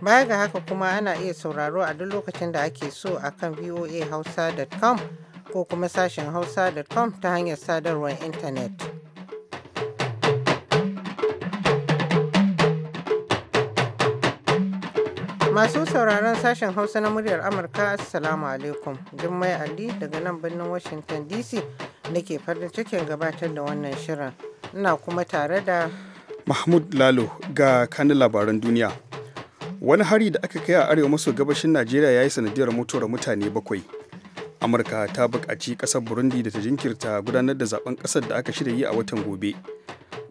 Baya ga haka kuma ana iya sauraro a duk lokacin da ake so a kan voahausa.com ko kuma sashen hausa.com ta hanyar sadarwar intanet. Masu sauraron sashen Hausa na muryar Amurka, Assalamu alaikum. Jummai Ali daga nan birnin Washington DC nake farin cikin gabatar da wannan shirin. Ina kuma tare da Mahmud Lalo ga kanin labaran duniya. wani hari da aka kai a arewa maso gabashin najeriya ya yi sanadiyar mutuwar mutane bakwai amurka ta buƙaci ƙasar burundi da ta jinkirta gudanar da zaben ƙasar da aka shirya yi a watan gobe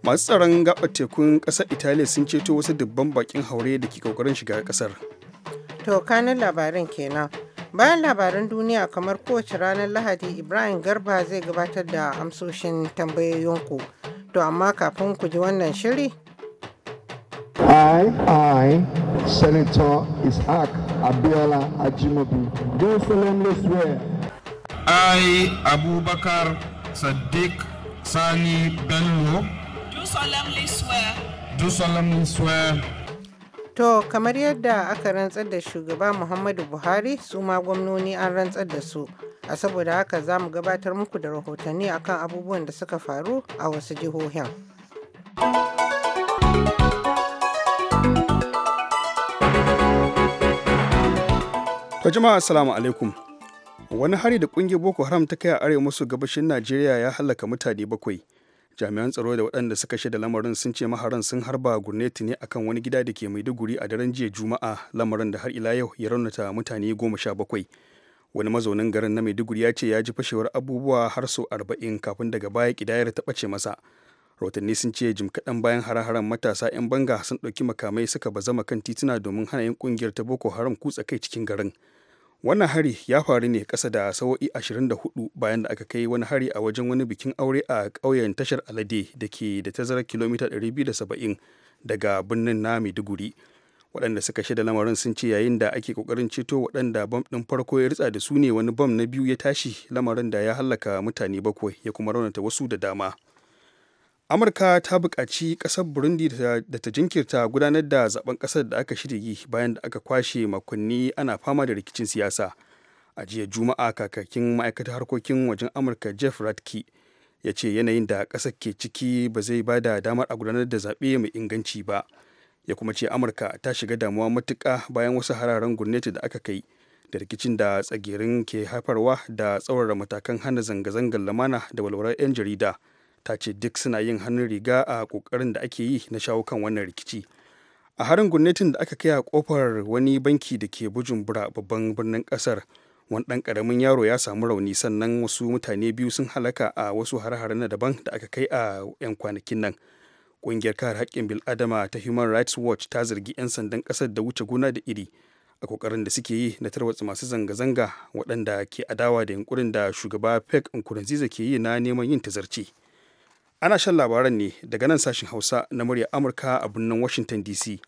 masu tsaron gaɓar tekun ƙasar italiya sun ceto wasu dubban bakin haure da ke ƙoƙarin shiga ƙasar to kanin labarin kenan bayan labaran duniya kamar kowace ranar lahadi ibrahim garba zai gabatar da amsoshin tambayoyinku to amma kafin ku ji wannan shiri I, I, Senator Isaac Abiola Ajimobi, do solemnly swear. I, Abubakar Sadiq Sani Bello, do solemnly swear. Do solemnly swear. To, kamar yadda aka rantsar da shugaba Muhammadu Buhari, su ma gwamnoni an rantsar da su. A saboda haka za mu gabatar muku da rahotanni akan abubuwan da suka faru a wasu jihohin. To jama'a assalamu alaikum. Wani hari da kungiyar Boko Haram ta kai a arewa maso gabashin Najeriya ya halaka mutane bakwai. Jami'an tsaro da waɗanda suka shaida lamarin sun ce maharan sun harba gurneti ne akan wani gida da ke Maiduguri a daren jiya Juma'a lamarin da har ila yau ya raunata mutane goma sha bakwai. Wani mazaunin garin na Maiduguri ya ce ya ji fashewar abubuwa har sau arba'in kafin daga baya kidayar ta ɓace masa. rahotanni sun ce jim kaɗan bayan hare-haren matasa 'yan banga sun ɗauki makamai suka bazama kan tituna domin hana 'yan ƙungiyar ta boko haram kutsa kai cikin garin wannan hari ya faru ne ƙasa da sawo'i 24 bayan da aka kai wani hari a wajen wani bikin aure a ƙauyen tashar alade da ke da tazarar kilomita 270 daga birnin na maiduguri waɗanda suka shaida lamarin sun ce yayin da ake ƙoƙarin ceto waɗanda bam ɗin farko ya ritsa da su ne wani bam na biyu ya tashi lamarin da ya hallaka mutane bakwai ya kuma raunata wasu da dama amurka ta buƙaci ƙasar burundi da ta jinkirta gudanar da zaben ƙasar da aka shirya yi bayan da aka kwashe makonni ana fama da rikicin siyasa a jiya juma'a kakakin ma'aikatar harkokin wajen amurka jeff ratke ya ce yanayin da ƙasar ke ciki ba zai ba da damar a gudanar da zaɓe mai inganci ba ya kuma ce amurka ta shiga damuwa matuƙa bayan wasu hararen gwamnati da aka kai da rikicin da tsagirin ke haifarwa da tsaurara matakan hana zanga-zangar lamana da walwalar 'yan jarida ta ce duk suna yin hannun riga a kokarin da ake yi na shawo kan wannan rikici a harin gwamnatin da aka kai a kofar wani banki da ke bujumbura babban birnin kasar wani ɗan karamin yaro ya samu rauni sannan wasu mutane biyu sun halaka a wasu har hare na daban da aka kai a 'yan kwanakin nan ƙungiyar kare haƙƙin bil'adama ta human rights watch ta zargi 'yan sandan ƙasar da wuce gona da iri a kokarin da suke yi na tarwatsa masu zanga-zanga waɗanda ke adawa da yunkurin da shugaba pek nkurunziza ke yi na neman yin tazarci. ana shan labaran ne daga nan sashen hausa na murya amurka a birnin washington dc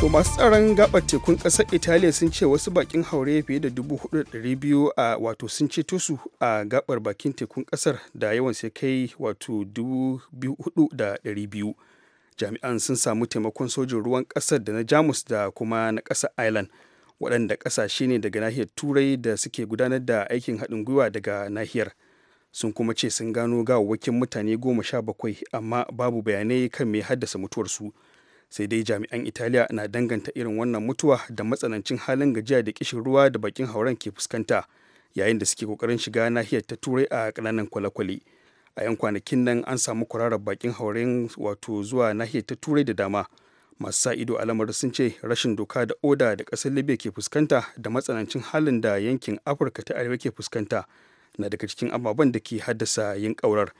To masu tsaron gabar tekun kasar Italiya sun ce wasu bakin haure fiye da 4,200 a wato sun ce su a gabar bakin tekun kasar da yawan sai kai wato 4,200. Jami'an sun samu taimakon sojin ruwan kasar da na Jamus da kuma na kasar Ireland. waɗanda ƙasashe ne daga nahiyar turai da suke gudanar da aikin haɗin gwiwa daga nahiyar sun kuma ce sun gano gawawwakin mutane goma sha bakwai amma babu bayanai kan mai haddasa mutuwarsu sai dai jami'an italiya na danganta irin wannan mutuwa da matsanancin halin gajiya da kishin ruwa da bakin hauren ke fuskanta yayin da suke kokarin shiga nahiyar ta turai a ƙananan kwale-kwale a 'yan kwanakin nan an samu kwararar bakin hauren wato zuwa nahiyar ta turai da dama masu sa ido a lamarin sun ce rashin doka da oda da ƙasar libya ke fuskanta da matsanancin halin da yankin afirka ta arewa ke fuskanta na daga cikin ababen da ke haddasa yin ƙaurar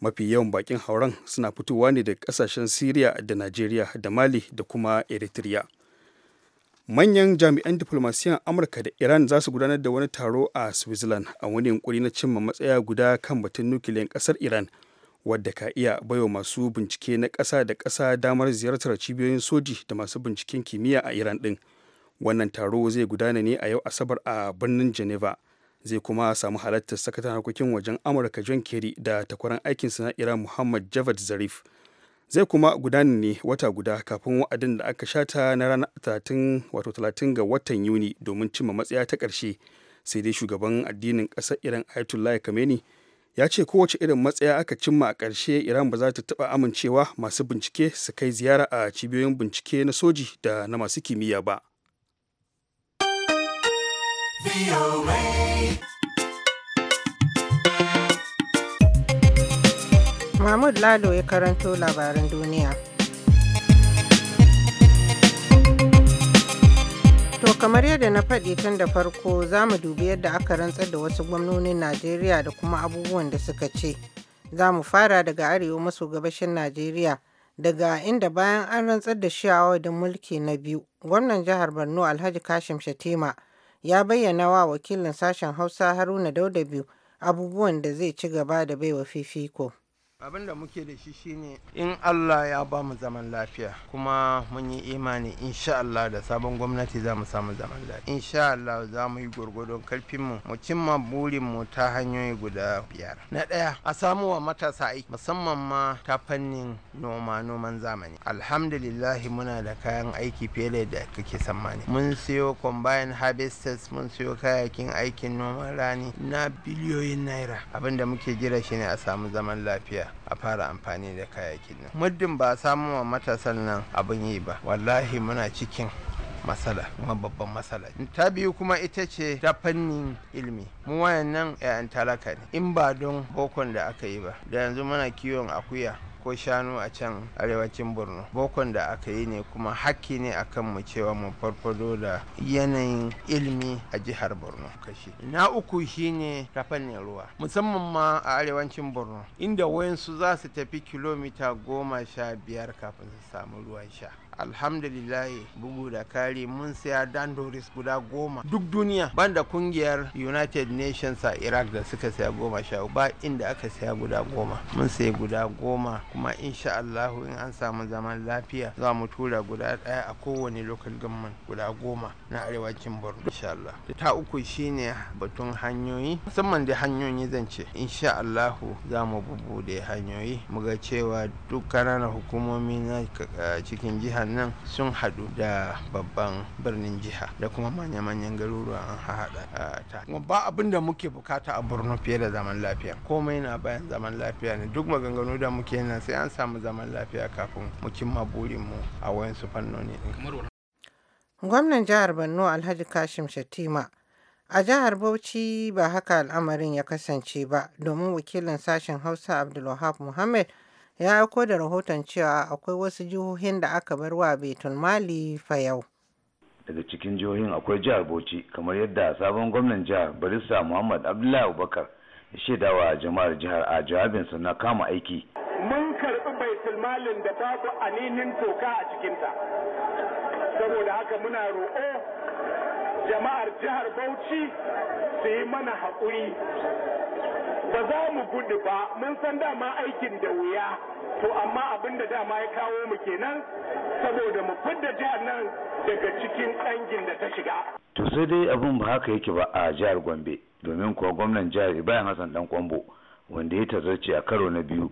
mafi yawan bakin hauren suna fitowa ne daga ƙasashen syria da nigeria da mali da kuma eritrea manyan jami'an diflomasiyan amurka da iran za su gudanar da wani taro a switzerland a wani yunkuri na cimma matsaya guda kan batun nukiliyan ƙasar iran wadda ka iya baiwa masu bincike na ƙasa da ƙasa damar ziyartar cibiyoyin soji da masu binciken kimiyya a iran ɗin wannan taro zai gudana ne a yau asabar a birnin geneva zai kuma samu halartar sakataren harkokin wajen amurka john kerry da takwaran aikin na iran muhammad javad zarif zai kuma gudana ne wata guda kafin wa'adin da aka shata na ranar 30 30 ga watan yuni domin cimma matsaya ta ƙarshe sai dai shugaban addinin ƙasar iran ayatollah kameni. ya ce kowace irin matsaya aka cimma a ƙarshe iran ba za ta taɓa amincewa masu bincike su kai ziyara a cibiyoyin bincike na soji da na masu kimiyya ba mahmud lalo ya karanto labaran duniya kamar yadda na faɗi tun da farko za mu dubi yadda aka rantsar da wasu gwamnonin Najeriya da kuma abubuwan da suka ce. Za mu fara daga arewa maso gabashin Najeriya daga inda bayan an rantsar da a da mulki na biyu, gwamnan jihar Borno Alhaji Kashim Shatima ya bayyana wa wakilin sashen Hausa Haruna Dauda biyu abubuwan da zai ci gaba da baiwa fifiko. abin da muke da shi shine in allah ya ba mu zaman lafiya kuma mun yi imani insha allah da sabon gwamnati za mu samu zaman lafiya insha allah za mu yi gwargwadon karfinmu mu cimma burinmu ta hanyoyi guda biyar na ɗaya a samu wa matasa aiki musamman ma ta fannin noma noman zamani alhamdulillahi muna da kayan aiki fiye da kake tsammani mun siyo combine harvesters mun siyo kayayyakin aikin noman rani na biliyoyin naira abin da muke jira shine a samu zaman lafiya a fara amfani da kayayyakin nan muddin ba samu wa matasan nan abin yi ba wallahi muna cikin matsala kuma babban matsala ta biyu kuma ita ce ta fannin ilmi. mu wayannan 'ya'yan talaka ne in ba don bokon da aka yi ba da yanzu muna kiwon akuya ko shanu a can arewacin borno bokon da aka yi ne kuma hakki ne a kan mu cewa mu farfado da yanayin ilimi a jihar borno kashi na uku shine ne ruwa musamman ma a arewacin borno inda wayansu za su tafi kilomita goma sha biyar kafin su samu ruwan sha alhamdulillahi bugu da kari mun siya dandoris guda goma duk duniya banda kungiyar united nations a iraq da suka siya goma sha ba inda aka siya guda goma mun siya guda goma kuma insha Allah in an samu zaman lafiya za mu tura guda ɗaya a kowane local government guda goma na arewacin Borno insha Allah ta uku shine batun hanyoyi musamman da hanyoyi zan ce insha Allah za mu bubude hanyoyi mu ga cewa duk kananan hukumomi na cikin jihar nan sun haɗu da babban birnin jiha da kuma manya-manyan garuruwa an haɗa ta kuma ba abin da muke bukata a Borno fiye da zaman lafiya komai na bayan zaman lafiya ne duk maganganu da muke na sai an samu zaman lafiya kafin mu cimma burinmu a wayansu fannoni Gwamnan jihar Borno Alhaji Kashim Shatima a jihar Bauchi ba haka al'amarin ya kasance ba domin wakilin sashen Hausa Abdulwahab Muhammad ya aiko da rahoton cewa akwai wasu jihohin da aka bar wa Betul Mali fa yau. Daga cikin jihohin akwai jihar Bauchi kamar yadda sabon gwamnan jihar Barista Muhammad Abdullahi Abubakar ya shaidawa jama'ar jihar a jawabinsa na kama aiki. halin da ta babu aninin toka a cikinta saboda haka muna roƙo jama'ar jihar bauchi su yi mana haƙuri ba za mu gudu ba mun san dama aikin da wuya to amma abin da dama ya kawo mu kenan saboda mu fidda jihar nan daga cikin ɗangin da ta shiga to sai dai abin ba haka yake ba a jihar gombe domin kuwa gwamnan jihar ibrahim hassan dan kwambo wanda ya tazarce a karo na biyu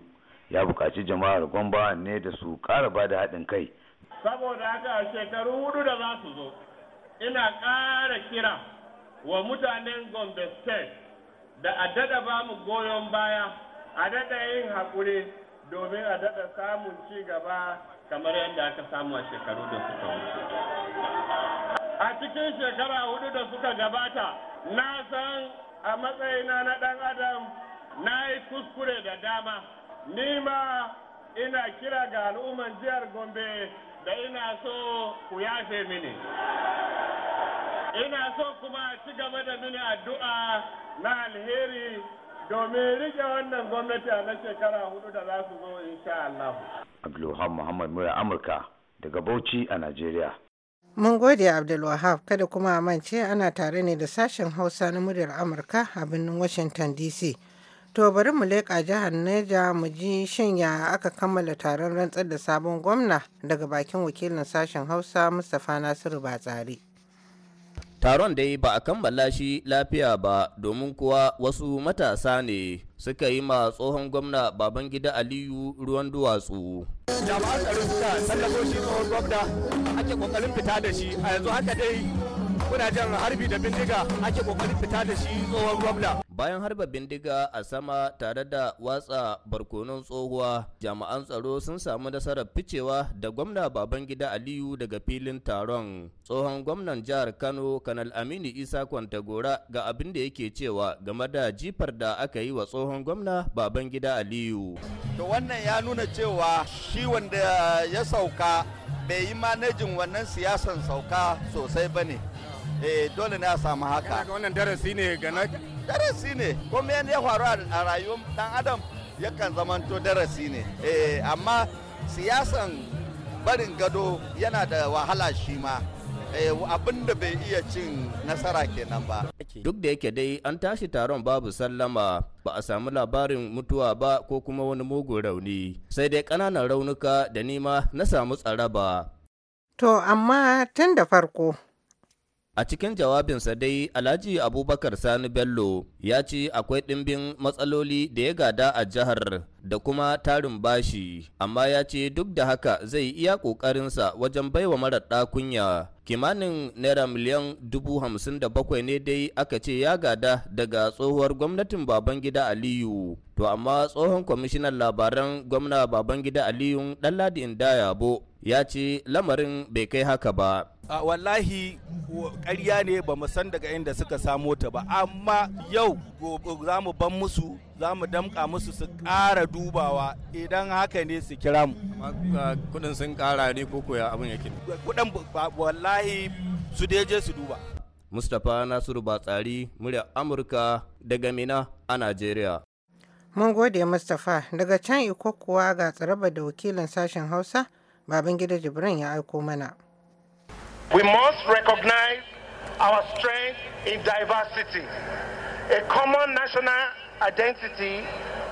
ya buƙaci jama'ar gwamba ne da su ƙara ba da haɗin kai saboda haka a shekaru hudu da za su zo ina ƙara kira wa mutanen gombe state da a dada ba mu goyon baya a dada yin haƙuri domin a dada samun ci gaba kamar yadda aka samu a shekaru da suka wuce a cikin shekara hudu da suka gabata na san a matsayina na ɗan adam na yi kuskure da dama ni ma ina kira ga al'umman jihar gombe da ina so ku yafe mini ina so kuma ci gaba da mini addu'a na alheri domin rike wannan gwamnati a na shekara hudu da za su zo insha Allah. Abdulwahab Muhammad Mura Amurka daga Bauchi a Najeriya. Mun gode Abdulwahab kada kuma a mance ana tare ne da sashen Hausa na muryar Amurka a birnin Washington DC. To bari mu leƙa jihar Neja mu ji shanya ya aka kammala taron rantsar da sabon gwamna daga bakin wakilin sashen Hausa Mustapha Nasiru Batsari. Taron dai ba a kammala shi lafiya ba domin kuwa wasu matasa ne suka yi ma tsohon gwamna Babangida Aliyu ruwan duwatsu. Jama'an tsaro suka sallafo shi tsohon gwamna ake kokarin fita da shi a yanzu haka dai kuna jan harbi da bindiga ake kokarin fita da shi tsohon gwamna bayan harba bindiga a sama tare da watsa barkonon tsohuwa jami'an tsaro sun samu nasarar ficewa da gwamna babangida aliyu daga filin taron tsohon gwamnan jihar kano kanal aminu isa kwantagora ga abin da yake cewa game da jifar da aka yi wa tsohon gwamna babangida aliyu to wannan ya nuna cewa shi wanda ya sauka bai yi manajin wannan siyasan sauka sosai ba ne eh dole ne a samu haka ga wannan darasi ne ga na darasi ne kuma yanda ya faru a rayuwar dan adam yakan zamanto darasi ne eh amma siyasan barin gado yana da wahala shi ma eh, abin da bai iya cin nasara kenan ba. Duk da yake dai an tashi taron babu sallama ba a samu labarin mutuwa ba ko kuma wani mugun rauni sai dai ƙananan raunuka da nima na samu tsara ba. To amma tun da farko A cikin jawabinsa dai Alhaji Abubakar Sani Bello ya ce akwai ɗimbin matsaloli da ya gada a jihar da kuma tarin bashi, amma ya ce duk da haka zai iya kokarinsa wajen baiwa marar ɗakunya. Kimanin naira miliyan dubu hamsin da bakwai ne dai aka ce ya gada daga tsohuwar gwamnatin Babangida Aliyu. To amma tsohon kwamishinan labaran gwamna Babangida Aliyu Ɗanladi yabo ya ce lamarin bai kai haka ba. wallahi ƙarya ne ba mu san daga inda suka samo ta ba amma yau gobe za mu ban musu za mu damƙa musu su ƙara dubawa idan haka ne su kira mu ah, kudin sun ƙara ne ko koya abin yake kudin wallahi su je su duba mustapha nasiru batsari murya amurka daga mina a najeriya mun gode mustapha daga can iko ga tsaraba da wakilin sashen hausa babangida jibrin ya aiko mana We must recognize our strength in diversity, a common national identity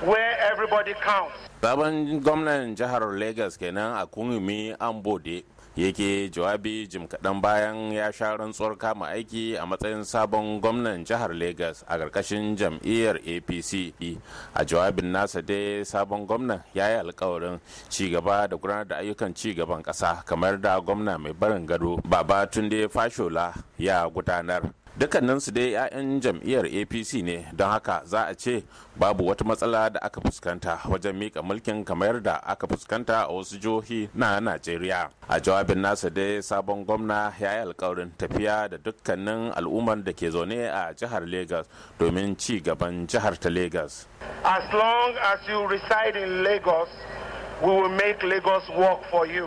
where everybody counts. Sabon gwamnan jihar Legas kenan a kungumi bode. yake jawabi jim kaɗan bayan ya sha rantsuwar kama aiki a matsayin sabon gwamnan jihar lagos a ƙarƙashin jam'iyyar apc a jawabin nasa dai sabon gwamnan ya yi alkawarin cigaba da gudanar da ayyukan cigaban ƙasa kamar da gwamna mai barin gado baba tunde fashola ya gudanar dukkaninsu dai 'ya'yan jam'iyyar apc ne don haka za a ce babu wata matsala da aka fuskanta wajen mika mulkin kamar da aka fuskanta a wasu jihohi na najeriya a jawabin nasa dai sabon gwamna ya yi alkawarin tafiya da dukkanin al'ummar da ke zaune a jihar lagos domin ci gaban jihar ta lagos as long as you reside in lagos we will make lagos work for you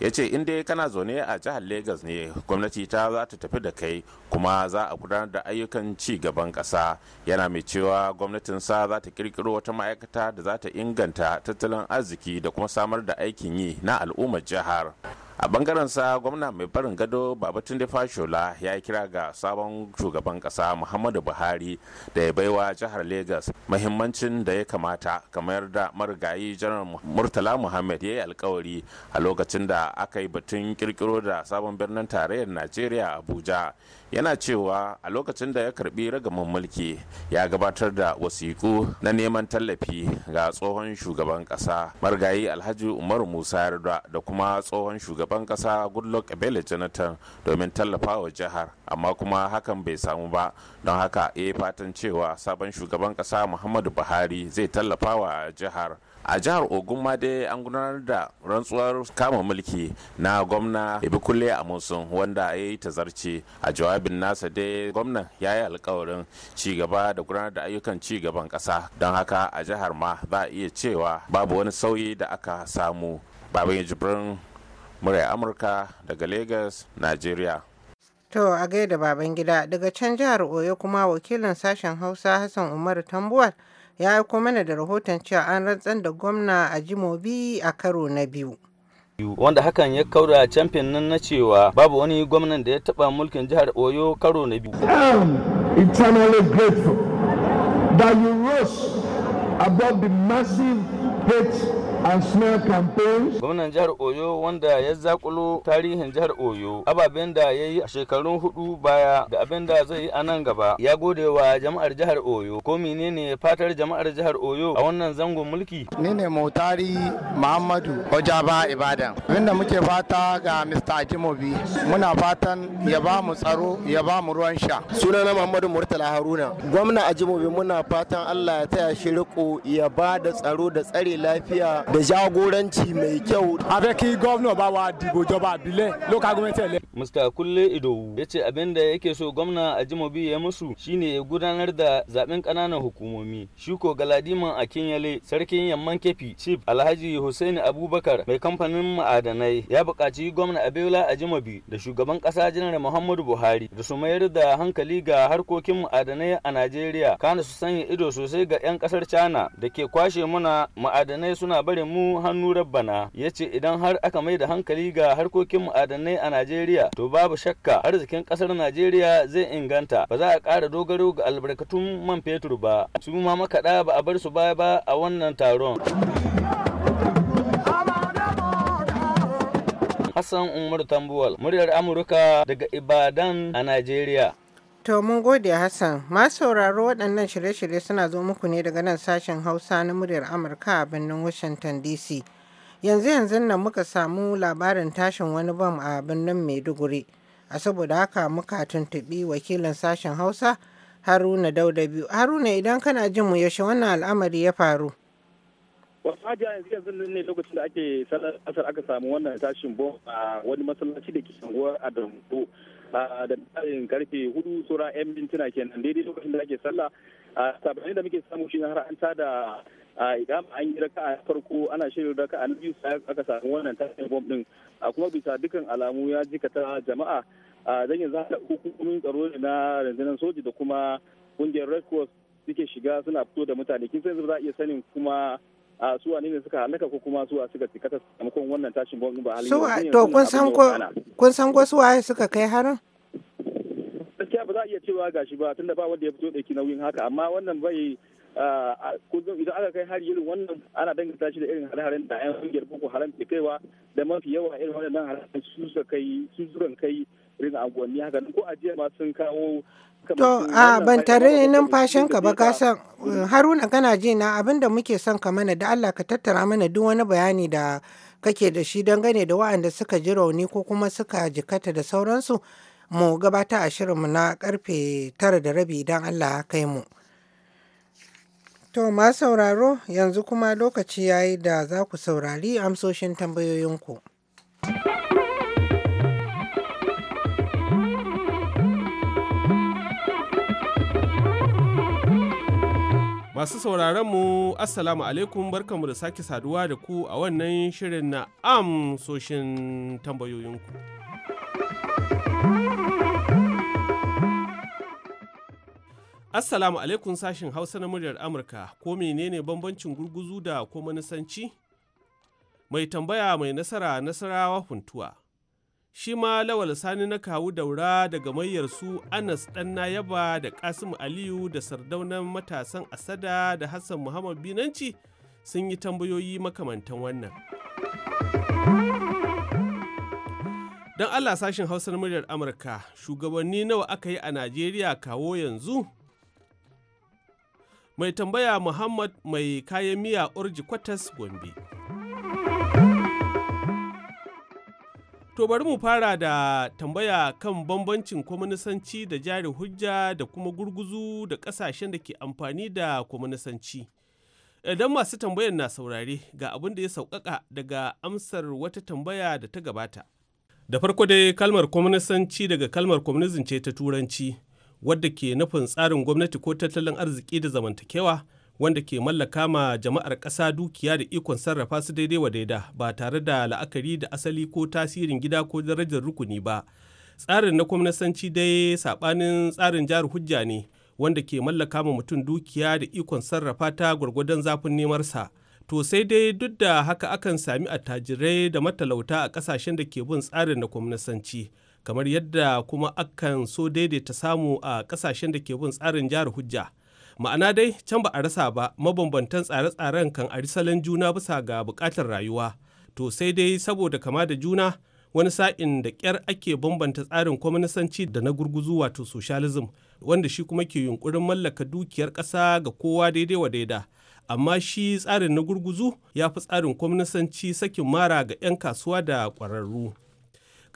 ya ce in dai kana zaune a jihar lagos ne gwamnati ta za ta tafi da kai kuma za a gudanar da ayyukan ci gaban ƙasa yana mai cewa gwamnatin sa za ta kirkiro wata ma'aikata da za ta inganta tattalin arziki da kuma samar da aikin yi na al'ummar jihar a bangaren sa gwamna mai barin gado da fashola ya kira ga sabon shugaban kasa muhammadu buhari da ya baiwa jihar Legas. mahimmancin da ya kamata kamar da marigayi janar murtala muhammad ya yi alkawari a lokacin da aka yi batun kirkiro da sabon birnin tarayyar najeriya abuja yana cewa a lokacin da ya karbi ragamin mulki ya gabatar da wasiku na neman tallafi ga tsohon shugaban kasa marigayi alhaji umaru musa yarda da kuma tsohon shugaban shugaban kasa goodluck ebele jonathan domin tallafa wa jihar amma kuma hakan bai samu ba don haka ya eh, fatan cewa sabon shugaban kasa muhammadu buhari zai tallafa wa jihar a jihar ogun ma dai an gudanar da rantsuwar kama mulki na gwamna a musun wanda ya yi ta zarce a jawabin nasa dai gwamna ya yi alkawarin cigaba da gudanar da ayyukan cigaban kasa don haka a jihar ma za a iya cewa babu wani sauyi da aka samu baban jibirin murya amurka daga lagos nigeria to a gaida baban gida daga can jihar oyo kuma wakilin sashen hausa hassan umaru tambuwal ya aiko mana da rahoton cewa an rantsar da gwamna a jimobi a karo na biyu wanda hakan ya kaura camfin nan na cewa babu wani gwamnan da ya taba mulkin jihar oyo karo na biyu grateful that you rose above the massive hate and campaigns. Gwamnan jihar Oyo wanda ya zakulo tarihin jihar Oyo ababen da ya yi a shekarun hudu baya da abin da zai yi a nan gaba ya gode wa jama'ar jihar Oyo ko menene fatar jama'ar jihar Oyo a wannan zangon mulki. Ni ne motari Muhammadu Ojaba Ibadan. Abinda muke fata ga Mr. Ajimobi muna fatan ya ba mu tsaro ya ba mu ruwan sha. Sunana Muhammadu Murtala Haruna. Gwamna Ajimobi muna fatan Allah ya taya shi riko ya ba da tsaro da tsare lafiya da jagoranci mai kyau. A fẹ́ ki gómìnà b'a wa dibo ìjọba àbílẹ̀ local government ẹ̀lẹ́. Mr. Kulle ido ya ce abin da yake so gwamna Ajimobi ya musu shine ya gudanar da zaben ƙananan hukumomi. Shuko galadima kinyale. Sarkin Yamman Kefi, Chief Alhaji Hussein Abubakar mai kamfanin ma'adanai ya bukaci gwamna Abiola Ajimobi da shugaban ƙasa Janar Muhammadu Buhari da su mayar da hankali ga harkokin ma'adanai a Najeriya. Kana su sanya ido sosai ga 'yan ƙasar China da ke kwashe muna ma'adanai suna bari. mu hannu rabbana ya ce idan har aka mai da hankali ga harkokin ma'adanai a Najeriya to babu shakka arzikin kasar Najeriya zai inganta ba za a ƙara dogaro ga albarkatun man fetur ba su ma makaɗa ba a bar su baya ba a wannan taron. Hassan Umar Tambuwal, muryar Amurka daga Ibadan a Najeriya. To mun gode Hassan, masu sauraro waɗannan shirye-shirye suna zo muku ne daga nan sashen Hausa na muryar Amurka a birnin Washington DC. Yanzu yanzu nan muka samu labarin tashin wani bam a birnin Maiduguri. A saboda haka muka tuntuɓi wakilin sashen Hausa Haruna Dauda biyu. Haruna idan kana jin mu yaushe wannan al'amari ya faru. wasu ajiya yanzu yanzu ne lokacin da ake sanar aka samu wannan tashin bom a wani masallaci da ke a Adamu. da tsarin karfe hudu sura yan mintuna kenan daidai lokacin da ake sallah sabanin da muke samu shi har an tada idan an yi raka a farko ana shirin raka a biyu aka samu wannan tashin bom din kuma bisa dukkan alamu ya jikata jama'a dan za ta hukumomin tsaro na rundunar soji da kuma kungiyar red cross suke shiga suna fito da mutane kin san za a iya sanin kuma a su ne suka halaka ko kuma su suka tikata sakamakon wannan tashin bom ba halin suwa to kun san ko kun san ko su suka kai harin gaskiya ba za a iya cewa gashi ba tunda ba wanda ya fito dauki nauyin haka amma wannan bai Ah, idan aka kai har irin wannan ana danganta shi da irin hare-haren da 'yan kungiyar boko haram ke kaiwa da mafi yawa irin wannan hare-haren su suka kai su sukan kai irin anguwanni haka ko ajiya ma sun kawo To a ban tare ka ba ka san Haruna kana ji na abin da muke son ka mana da Allah ka tattara mana duk wani bayani da kake da shi dangane da waɗanda suka ji rauni ko kuma suka jikata da sauransu mu gabata a shirinmu na karfe tara da rabi idan Allah ya kai mu. To ma sauraro yanzu kuma lokaci ya yi da za ku saurari amsoshin tambayoyinku. Masu sauraron mu Assalamu alaikum barkanmu da sake saduwa da ku a wannan shirin na amsoshin tambayoyinku. Assalamu alaikum sashin Hausa na muryar Amurka, ko menene bambancin gurguzu da ko manisanci? Mai tambaya mai nasara nasarawa huntuwa. Shi ma lawal sani na kawu daura daga mayyar su Anas Danna yaba da Kasim Aliyu da sardaunan matasan Asada da Hassan Muhammad Binanci sun yi tambayoyi makamantan wannan. Don Allah sashin Hausa na muryar Amurka, shugabanni nawa aka yi a Najeriya kawo yanzu? mai tambaya Muhammad mai kayan miya Urji Kwatas Gombe. To bari mu fara da tambaya kan bambancin kwaminisanci da jari hujja da kuma gurguzu da ƙasashen da ke amfani da kwaminisanci. Idan masu tambayar na saurare ga abin da ya sauƙaƙa daga amsar wata tambaya da ta gabata. Da farko dai kalmar kwaminisanci daga kalmar kwamanizm ce ta turanci. wadda ke nufin tsarin gwamnati ko tattalin arziki da zamantakewa wanda ke mallaka ma jama'ar ƙasa dukiya da ikon sarrafa su daidai wa daida ba tare da la'akari da asali ko tasirin gida ko darajar rukuni ba tsarin na kwamnasanci dai saɓanin tsarin jihar hujja ne wanda ke mallaka ma mutum dukiya da ikon sarrafa ta gwargwadon zafin nemar sa to sai dai duk da haka akan sami attajirai da matalauta a ƙasashen da ke bin tsarin na kwamnasanci. kamar yadda kuma akan so daidaita samu a kasashen da ke bin tsarin jihar hujja ma'ana dai can ba a rasa ba mabambantan tsare-tsaren kan ari salon juna bisa ga bukatar rayuwa to sai dai saboda kama da juna wani sa'in da ƙyar ake bambanta tsarin kwaminisanci da na gurguzu wato socialism wanda shi kuma ke yunkurin mallaka dukiyar ƙasa ga kowa daidai wa daida amma shi tsarin na gurguzu ya fi tsarin kwaminisanci sakin mara ga 'yan kasuwa da ƙwararru.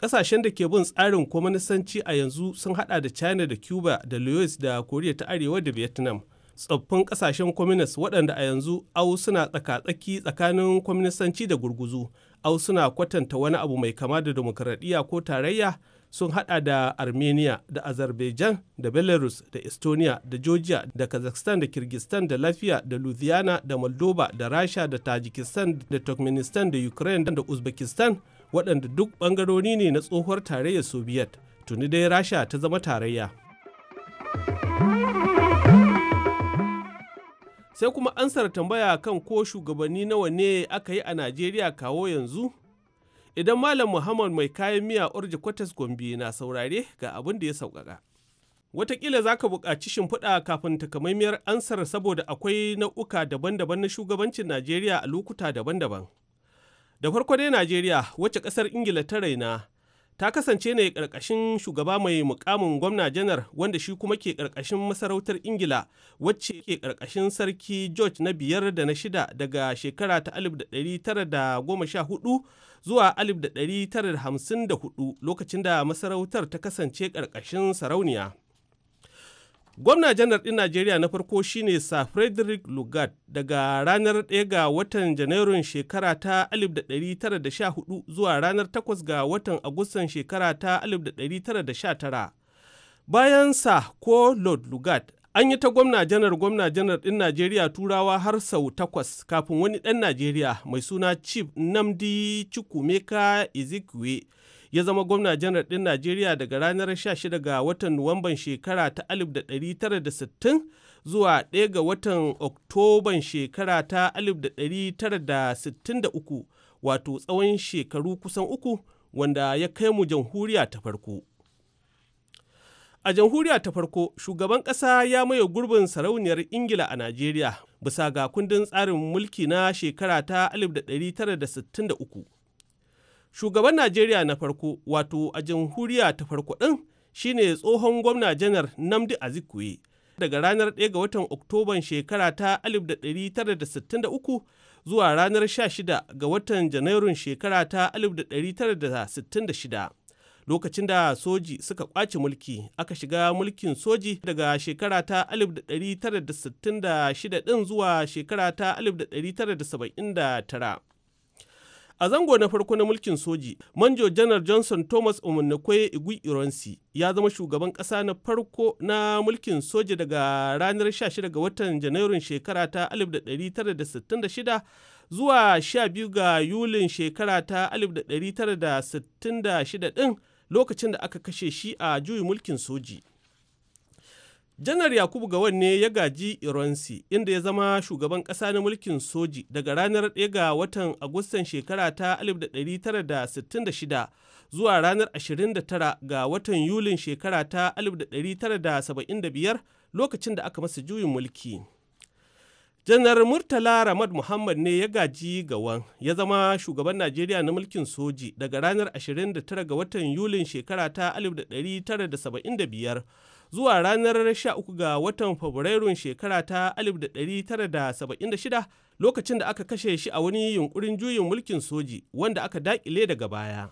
kasashen da ke bin tsarin kwamanisanci a yanzu sun hada da China da Cuba da louis da Koriya ta Arewa da Vietnam. Tsoffin kasashen kwaminis waɗanda a yanzu au suna tsaka-tsaki tsakanin kwaminisanci da gurguzu, au suna kwatanta wani abu mai kama da demokaradiyya ko tarayya sun hada da armenia da azerbaijan da belarus da estonia da georgia da kazakhstan da kirgistan da lafiya da louisiana da moldova da rasha da tajikistan da turkmenistan da ukraine da uzbekistan waɗanda duk ɓangarori ne na tsohuwar tarayyar soviet tuni dai rasha ta zama tarayya sai kuma ansar tambaya kan ko shugabanni nawa ne aka yi a najeriya kawo yanzu idan malam muhammad mai kayan miya orji kwatas gombe na saurare ga abin da ya sauƙaƙa watakila za ka buƙaci shimfiɗa kafin takamaimiyar ansar saboda akwai nau'uka daban-daban na shugabancin Najeriya a lokuta daban-daban. Da farko dai Najeriya wacce kasar Ingila ta raina ta kasance ne karkashin shugaba mai mukamin gwamna janar wanda shi kuma ke karkashin masarautar Ingila wacce ke karkashin sarki George na biyar da na shida daga shekara ta 1914 zuwa 1954 lokacin da masarautar ta kasance karkashin sarauniya. Gwamna janar ɗin Najeriya na farko shine Sir Frederick Lugard daga ranar 1 ga watan Janairun shekara ta 1914 zuwa ranar 8 ga watan Agustan shekara ta 1919. Bayan sa ko Lord Lugard an yi ta gwamna janar gwamna janar ɗin Najeriya turawa har sau takwas kafin wani dan Najeriya mai suna Chief Namdi Chukwumeka Ezekwe ya zama gwamna janar ɗin Najeriya daga ranar 16 ga watan Nuwamban shekara ta 1960 zuwa 1 ga watan Oktoban shekara ta 1963 wato tsawon shekaru kusan uku wanda ya kai mu jamhuriya ta farko. A jamhuriya ta farko, shugaban ƙasa ya maye gurbin sarauniyar Ingila a Najeriya bisa ga kundin tsarin mulki na shekara ta 1963. Shugaban Najeriya na farko wato a jamhuriya ta farko ɗin shine tsohon gwamna janar Namdi Azikiwe daga ranar 1 ga watan Oktoban shekara ta 1963 zuwa ranar 16 ga watan Janairun shekara ta 1966. Lokacin da soji suka kwace mulki aka shiga mulkin soji daga shekara ta 1966 ɗin zuwa shekara ta 1979. A zango na farko na mulkin soji, Manjo Janar Johnson Thomas Omunekwe Igwe Ironsi ya zama shugaban ƙasa na farko na mulkin soji daga ranar 16 ga watan Janairun shekara ta 1966 zuwa 12 ga Yulin shekara ta 1966 ɗin lokacin da aka kashe shi a juyin mulkin soji. janar yakubu gawan ne ya gaji ironsi inda ya zama shugaban ƙasa na mulkin soji daga ranar 1 ga watan agustan shekara ta 1966 zuwa ranar 29 ga watan yulin shekara ta 1975 lokacin da aka masa juyin mulki janar murtala ramad muhammad ne ya gaji gawan ya zama shugaban najeriya na mulkin soji daga ranar 29 ga watan yulin shekara ta 1975 zuwa ranar 13 ga watan Fabrairun shekara ta 1976 lokacin da aka kashe shi a wani yunkurin juyin mulkin soji wanda aka dakile daga baya.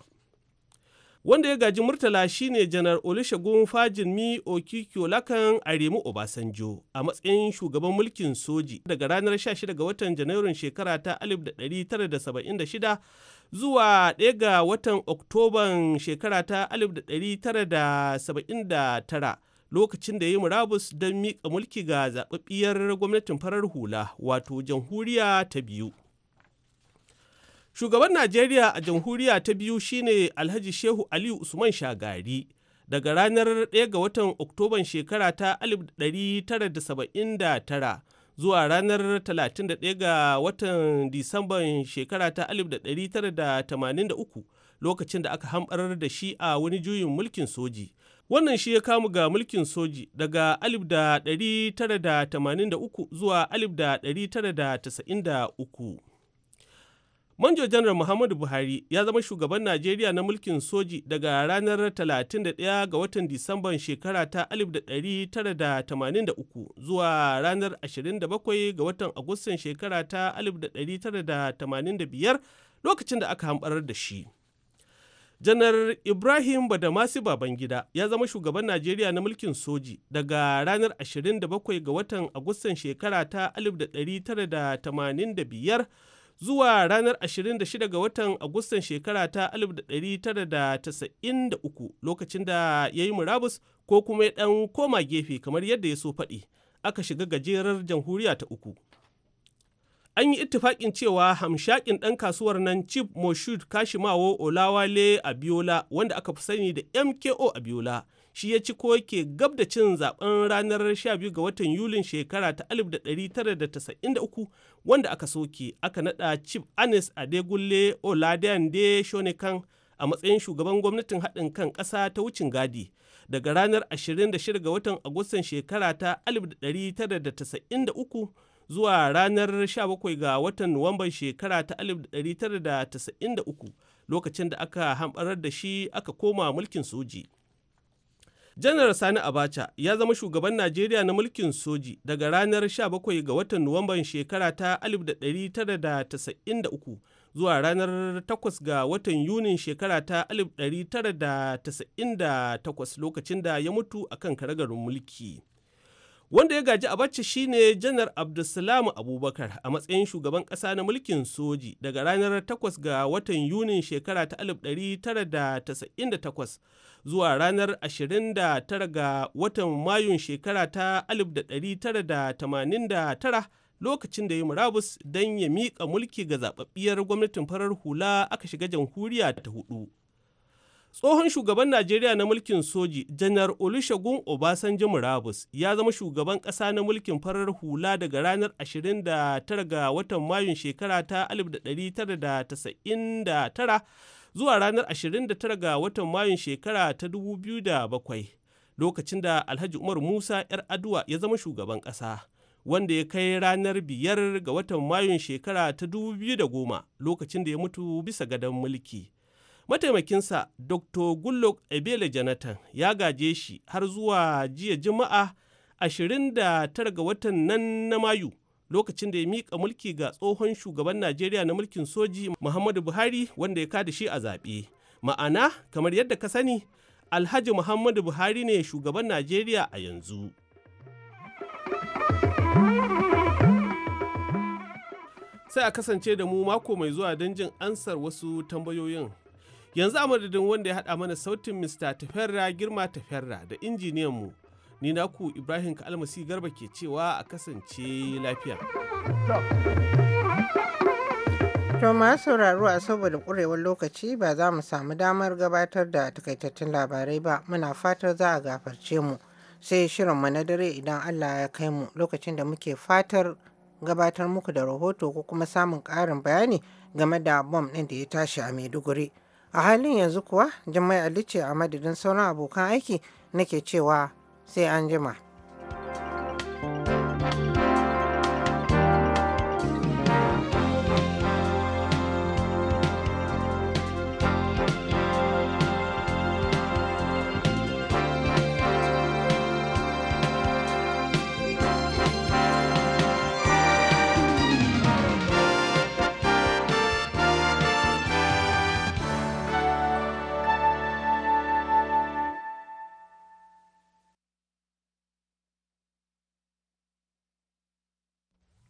Wanda ya gaji Murtala shine Janar Olusegun Fajinmi Okikyolakan Aremu Obasanjo a matsayin shugaban mulkin soji daga ranar 16 ga watan Janairun shekara ta 1976 zuwa 1 ga watan Oktoban shekara ta 1979 lokacin da ya yi murabus don miƙa mulki ga zaɓaɓɓiyar gwamnatin farar hula wato jamhuriya ta biyu. Shugaban Najeriya a jamhuriya ta biyu shine Alhaji Shehu Aliyu Usman Shagari daga ranar 1 ga watan Oktoban shekara ta 1979 zuwa ranar 31 ga watan Disamban shekara ta 1983 lokacin da aka hamɓarar da shi a wani juyin mulkin soji. Wannan shi ya kamu ga mulkin soji daga 1983 zuwa 1993. Manjo Janar Muhammadu Buhari ya zama shugaban Najeriya na mulkin soji daga ranar 31 ga watan Disamban shekara ta 1983 zuwa ranar 27 ga watan Agustan shekara ta 1985 lokacin da aka hambarar da shi. janar ibrahim badamasi babangida ya zama shugaban najeriya na mulkin soji daga ranar 27 ga watan agustan shekara ta 1985 zuwa ranar 26 ga watan agustan shekara ta 1993 lokacin da ya yi murabus ko kuma ya ɗan koma gefe kamar yadda ya so faɗi aka shiga gajerar jamhuriya ta uku an yi ittifaƙin cewa hamshakin ɗan kasuwar nan chief moshood kashimawo olawale abiola wanda aka fi sani da mko abiola shi ya ci ko ke gab da cin zaben ranar 12 ga watan yulin shekara ta 1993 wanda aka soke aka nada chief anes adegulle oladeyande shonekan a matsayin shugaban gwamnatin haɗin kan ƙasa ta wucin gadi daga ranar 26 ga watan agustan shekara ta 1993 zuwa ranar 17 ga watan Nuwamban shekara ta 1993 lokacin da aka hamɓarar da shi aka koma mulkin soji. janar sani abacha ya zama shugaban najeriya na mulkin soji daga ranar 17 ga watan nuwamban shekara ta 1993 zuwa ranar 8 ga watan yunin shekara ta 1998 lokacin da ya mutu akan karagarin mulki Wanda ya gaji a bacci shine Janar Abdulsalam Abubakar a matsayin shugaban kasa na mulkin soji daga ranar 8 ga watan Yunin shekara ta 1998 zuwa ranar 29 ga watan Mayun shekara ta 1989 lokacin da ya murabus don ya miƙa mulki ga zaɓaɓɓiyar gwamnatin farar hula aka shiga jamhuriya ta hudu. Tsohon shugaban Najeriya na mulkin soji, Janar Olusegun Obasanjo Murabus, ya zama shugaban ƙasa na mulkin farar hula daga ranar 29 ga watan Mayun shekara ta 1999 zuwa ranar 29 ga watan Mayun shekara ta 2007, lokacin da Alhaji Umar Musa 'yar Aduwa ya zama shugaban ƙasa. wanda ya kai ranar biyar ga watan mayun shekara ta 2010 lokacin da ya mutu bisa gadon mulki Mataimakinsa Dr. Goodluck Ebele Jonathan ya gaje shi har zuwa jiya Juma'a 29 ga watan nan na Mayu lokacin da ya mika mulki ga tsohon shugaban Najeriya na mulkin soji Muhammadu Buhari wanda ya kada shi a zaɓe. Ma'ana kamar yadda ka sani Alhaji Muhammadu Buhari ne shugaban Najeriya a yanzu. Sai a kasance da mu mako mai zuwa don jin ansar wasu tambayoyin. Yanzu a madadin wanda ya haɗa mana sautin Mr. Tafera Girma Tafera da injiniyan mu. Ni naku Ibrahim Kalmasi Garba ke cewa a kasance lafiya. To masu sauraro a saboda ƙurewar lokaci ba za mu samu damar gabatar da takaitattun labarai ba muna fatar za a gafarce mu sai shirinmu na dare idan Allah ya kai mu lokacin da muke fatar gabatar muku da rahoto ko kuma samun ƙarin bayani game da bom ɗin da ya tashi a Maiduguri. a halin yanzu kuwa jimai ali ce a madadin sauran abokan aiki nake cewa sai an jima.